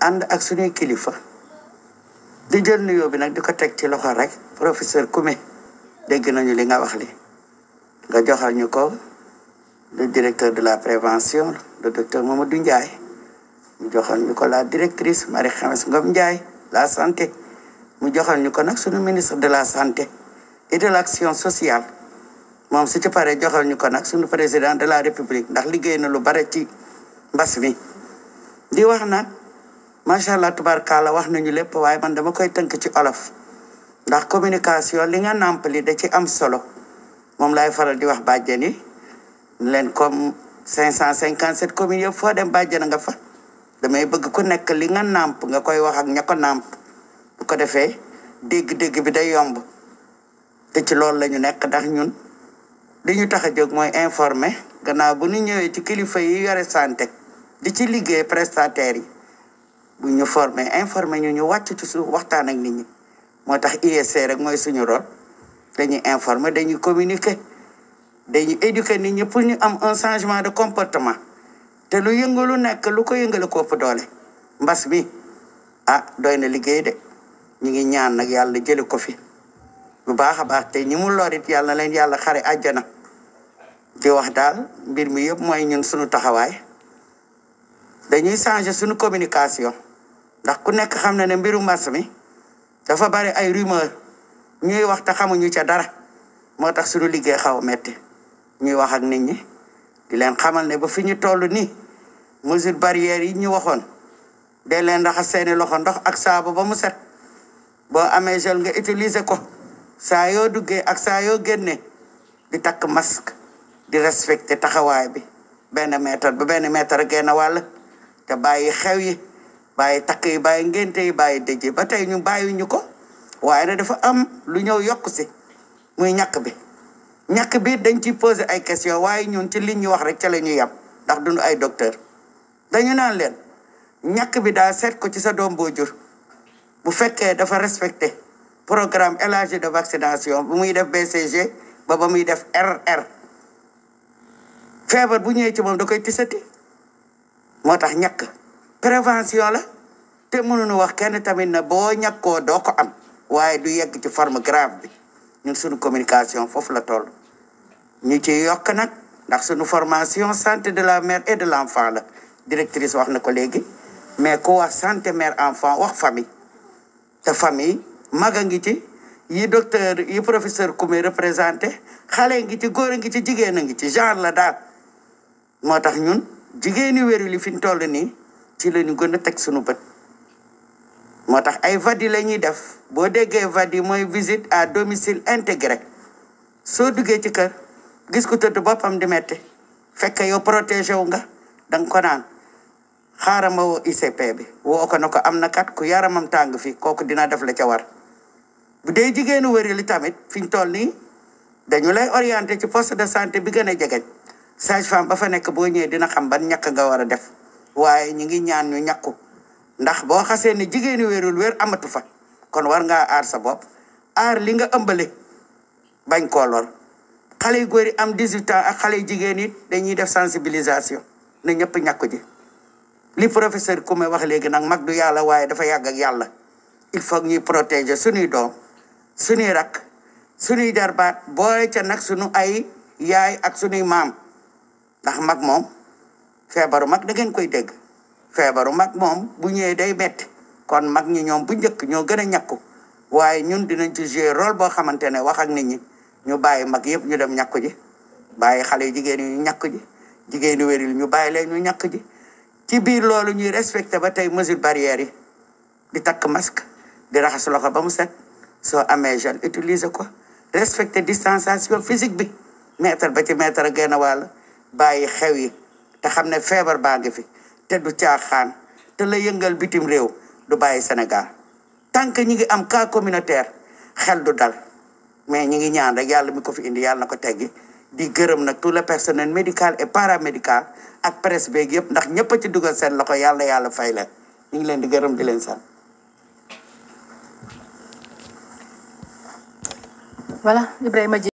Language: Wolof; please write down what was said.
ànd ak suñuy kilifa di jël nuyoo bi nag di ko teg ci loxo rek professeur Koumé dégg nañu li nga wax li nga joxal ñu ko le directeur de la prévention le docteur du Ndiaye mu joxal ñu ko la directrice Marie Khemesse Ngom Ndiaye la santé mu joxal ñu ko nag suñu ministre de la santé et de l'action sociale moom si ti paree joxal ñu ko nag suñu président de la république ndax liggéey na lu bare ci mbas mi di wax nag macha allah tubarkalla wax nañu lépp waaye man dama koy tënk ci olof ndax communication li nga nàmpali da ci am solo moom laay faral di wax bàjjen yi leen comme 557 communes yëpp foo dem bàjjen nga fa damay bëgg ku nekk li nga nàmp nga koy wax ak ña nàmp bu ko defee dégg-dégg bi day yomb te ci loolu la ñu nekk ndax ñun li ñu tax a jóg mooy informer gannaaw bu nu ñëwee ci kilifa yi yore santé di ci liggéey prestataires yi. bu ñu formé informé ñu ñu wàcc ci suuf waxtaan ak nit ñi moo tax ISC rek mooy suñu rôle dañuy informer dañuy communiquer dañuy éduquer ni ñi pour ñu am un changement de comportement te lu yëngu lu nekk lu ko yëngale ko ëpp doole mbas bi ah doy na liggéey de ñu ngi ñaan nag yàlla jële ko fi bu baax a baax te ñi mu lorit yàlla leen yàlla xare àjjana di wax daal mbir mi yëpp mooy ñun suñu taxawaay dañuy changer suñu communication ndax ku nekk xam na ne mbiru mbas mi dafa bari ay rumeur ñuy wax te xamuñu ca dara moo tax suñu liggéey xaw a metti ñuy wax ak nit ñi di leen xamal ne ba fi ñu toll nii mesure barrière yi ñu waxoon de leen raxas seeni loxo ndox ak saabu ba mu set boo amee gel nga utiliser ko saa yoo duggee ak saa yoo génnee di takk mask di respecté taxawaay bi benn mètre ba benn mètre genn wàll te bàyyi xew yi bàyyi takk yi bàyyi ngénte yi bàyyi dëj ba tey ñu bàyyiwuñu ko waaye nag dafa am lu ñëw yokk si muy ñàkk bi ñàkk bi dañ ciy posé ay question waaye ñun ci li ñu wax rek ca la ñuy yam ndax duñu ay docteur dañu naan leen ñàkk bi daa seet ko ci sa doom boo jur bu fekkee dafa respecté programme élargi de vaccination bu muy def BCG ba ba muy def RR feebar bu ñëwee ci moom da koy tisati moo tax ñàkk prévention la te mënuñu wax kenn tamit na boo ñàkkoo doo ko am waaye du yegg ci forme grave bi ñun suñu communication foofu la toll ñu ci yokk nag ndax sunu formation santé de la mère et de l' enfant la directrice wax na ko léegi mais ku wax santé mère enfant wax famille te famille mag a ngi ci yi docteur yi professeur Koumé représenté xale ngi ci góor a ngi ci jigéen a ngi ci genre la daal moo tax ñun jigéeni wéru li fi ñu toll nii ci la ñu gën a teg suñu bët moo tax ay vadi la ñuy def boo déggee vadi mooy visite à domicile intégré soo duggee ci kër gis ku tëdd boppam di mette fekk yow protégé wu nga danga ko naan xaaral ma woo ICP bi woo ko na ko am na kat ku yaramam tàng fii kooku dina def la ca war bu dee jigéenu wëri li tamit fi ñu toll nii dañu lay orienté ci poste de santé bi gën a jegeñ sage femme ba fa nekk boo ñëwee dina xam ban ñàkk nga war a def waaye ñu ngi ñaan ñu ñàkku ndax boo xasee ne jigéeni wérul wér amatu fa kon war ngaa aar sa bopp aar li nga ëmbale bañ koo lor xale yu góor yi am 18 ak xale yu jigéen it dañuy def sensibilisation ne ñëpp ñàkku ji li professeur Koumé wax léegi nag mag du yàlla waaye dafa yàgg ak yàlla il faut ñuy protéger suñuy doom suñuy rak suñuy darbaat boo ca nag suñu ay yaay ak suñuy maam ndax mag moom feebaru mag da ngeen koy dégg feebaru mag moom bu ñëwee day metti kon mag ñi ñoom bu njëkk ñoo gën a ñàkku waaye ñun dinañ ci jouer rôle boo xamante ne wax ak nit ñi ñu bàyyi mag yëpp ñu dem ñàkku ji bàyyi xale yu jigéen yi ñu ñàkku ji jigéen yu wéril ñu bàyyi leen ñu ñàkk ji ci biir loolu ñuy respecté ba tey mesure barrière yi di takk mask di raxas loxo ba mu set soo amee gel utiliser ko respecté distanciation physique bi mètre ba ci mètre a génn wàll bàyyi xew yi te xam ne feebar baa ngi fi te du caaxaan te la yëngal bitim réew du bàyyi Sénégal tant que ñi ngi am cas communautaire xel du dal mais ñi ngi ñaan rek yàlla mi ko fi indi yàlla na ko teggi di gërëm nag tout le personnel médical et paramédical ak presse beeg yëpp ndax ñëpp a ci dugal seen loxo yàlla yàlla fay leen ñu ngi leen di gërëm di leen sant. voilà Ibrahima